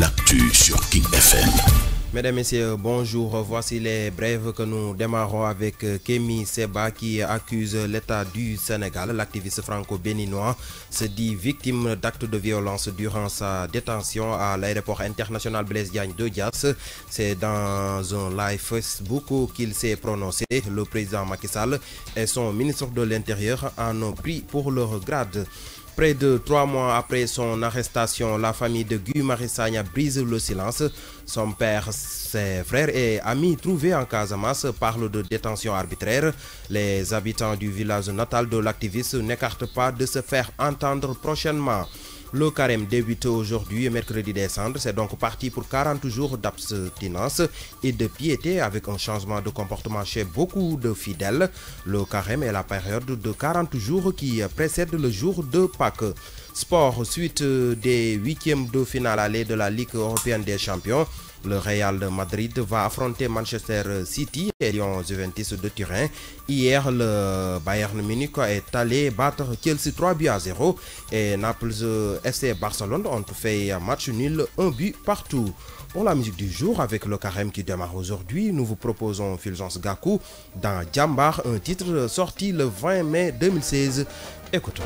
l'actu sur King FM. Mesdames, Messieurs, bonjour. Voici les brèves que nous démarrons avec euh, Kémy Seba qui accuse l'État du Sénégal. L'activiste franco-béninois se dit victime d'actes de violence durant sa détention à l'aéroport international Blaise Diagne de Dias. C'est dans un live Facebook qu'il s'est prononcé. Le président Macky Sall et son ministre de l'Intérieur en ont pris pour leur grade. Près de trois mois après son arrestation, la famille de Guy Marissagna brise le silence. Son père, ses frères et amis trouvés en Casamas parlent de détention arbitraire. Les habitants du village natal de l'activiste n'écartent pas de se faire entendre prochainement. Le carême débute aujourd'hui, mercredi décembre. C'est donc parti pour 40 jours d'abstinence et de piété avec un changement de comportement chez beaucoup de fidèles. Le carême est la période de 40 jours qui précède le jour de Pâques. Sport, suite des huitièmes de finale allée de la Ligue européenne des champions. Le Real Madrid va affronter Manchester City et Lyon Juventus de Turin. Hier, le Bayern Munich est allé battre Chelsea 3 buts à 0 et Naples FC Barcelone ont fait un match nul, un but partout. Pour la musique du jour, avec le carême qui démarre aujourd'hui, nous vous proposons Fulgence Gaku dans Jambar, un titre sorti le 20 mai 2016. Écoutons.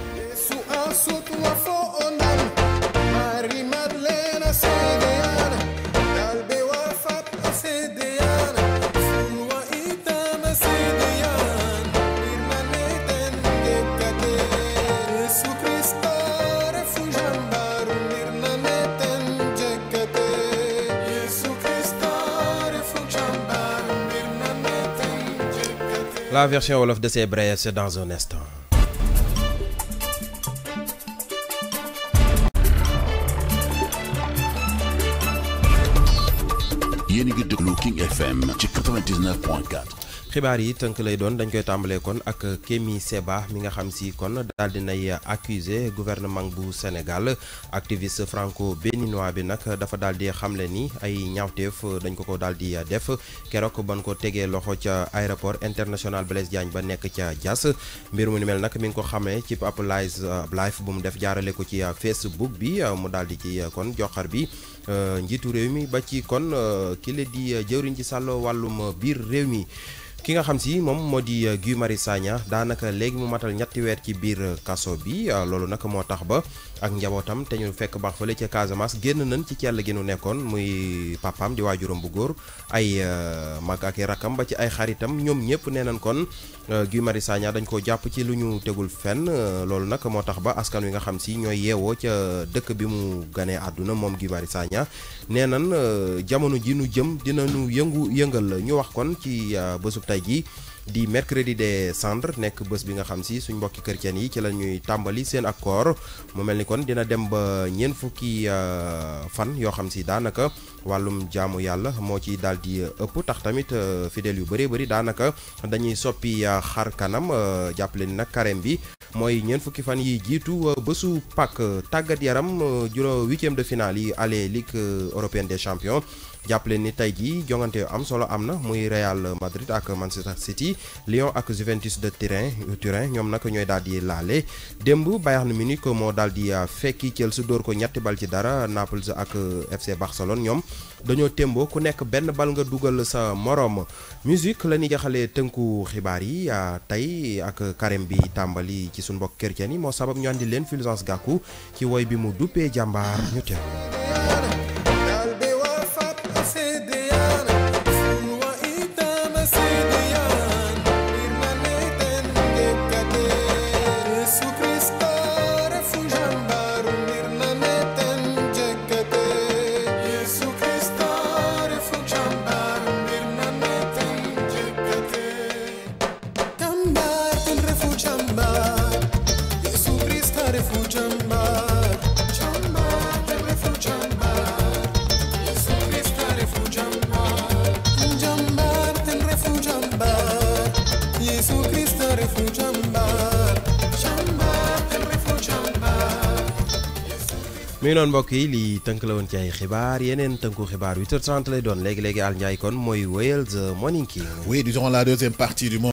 La version Olaf de ces brèves, c'est dans un instant. Yéen de ngi King FM 99.4. xibaar yi tënk lay doon dañ koy tàmbalee kon ak Kémi Seba mi nga xam si kon daal di nay accusé gouvernement bu Sénégal activiste franco béninois bi nag dafa daal di xamle ni ay ñaawteef dañ ko ko daal di def keroog ban ko tegee loxo ca aéroport international Blaise Diagne ba nekk ca Diass mbir mu ni mel nag mi ngi ko xamee ci ab live uh, bu mu def jaarale ko ci uh, Facebook bi uh, mu daal di ci kon joxar bi njiitu réew mi ba ci kon ki la di jëwriñ ci sàllo wàllum biir réew mi. ki nga xam si moom moo di euh, Guy Marius Sagna daanaka léegi mu matal ñetti weer ci biir euh, kaso bi euh, loolu nag moo tax ba ak njabootam te ñu fekk baax fële ca Casamance génn nañ ci cell gi ñu nekkoon muy papaam di waajuram bu góor ay mag ak rakam ba ci ay xaritam ñoom ñëpp nee nañ kon Guy mari Sagna dañ ko jàpp ci lu ñu tegul fenn loolu nag moo tax ba askan wi nga xam si ñooy yeewoo ca dëkk bi mu gane àdduna moom Guy mari Sagna nee nañ jamono ji nu jëm dina yëngu yëngal ñu wax kon ci bésub tey di mercredi des cendres nek bëss bi nga xam ci suñu mbokk chrétien yi ci lañ ñuy tambali seen accord mu melni kon dina dem ba ñeen fukki euh, fan yo xam si danaka walum jaamu yalla mo ci daldi euh, ëpp tax tamit euh, fidèle yu bëree bëri danaka dañuy soppi xar kanam jappelé nak karem bi moy ñeen fukki fan yi jitu bëssu Pâques tagat yaram 8e de finale yi aller Ligue européenne des champions jàppale ni tey jii jongante yu am solo am na muy Real Madrid ak Manchester City Lyon ak Juventus de Turin Turin ñoom nag ñooy daal di laale démb Bayern ko moo daal di ah, fekki Chelsea dóor ko ñetti bal ci dara Naples ak eh, FC Barcelone ñoom dañoo témboo ku nekk benn bal nga dugal sa morom musique la ñuy jaxalee tënku xibaar yi ah, tey ak carême bi tàmbali ci suñu mbokk chrétien yi moo sabab ñu andi leen Fulgence Gakou ci woy bi mu duppee jàmbaar ñu teew mi ngi noonu mbokk yi lii tënk la woon ci ay xibaar yeneen tënku xibaar 8h30 lay doon léegi léegi Al Ndiaye kon mooy wéyal the morning king. oui disons la deuxième partie du monde.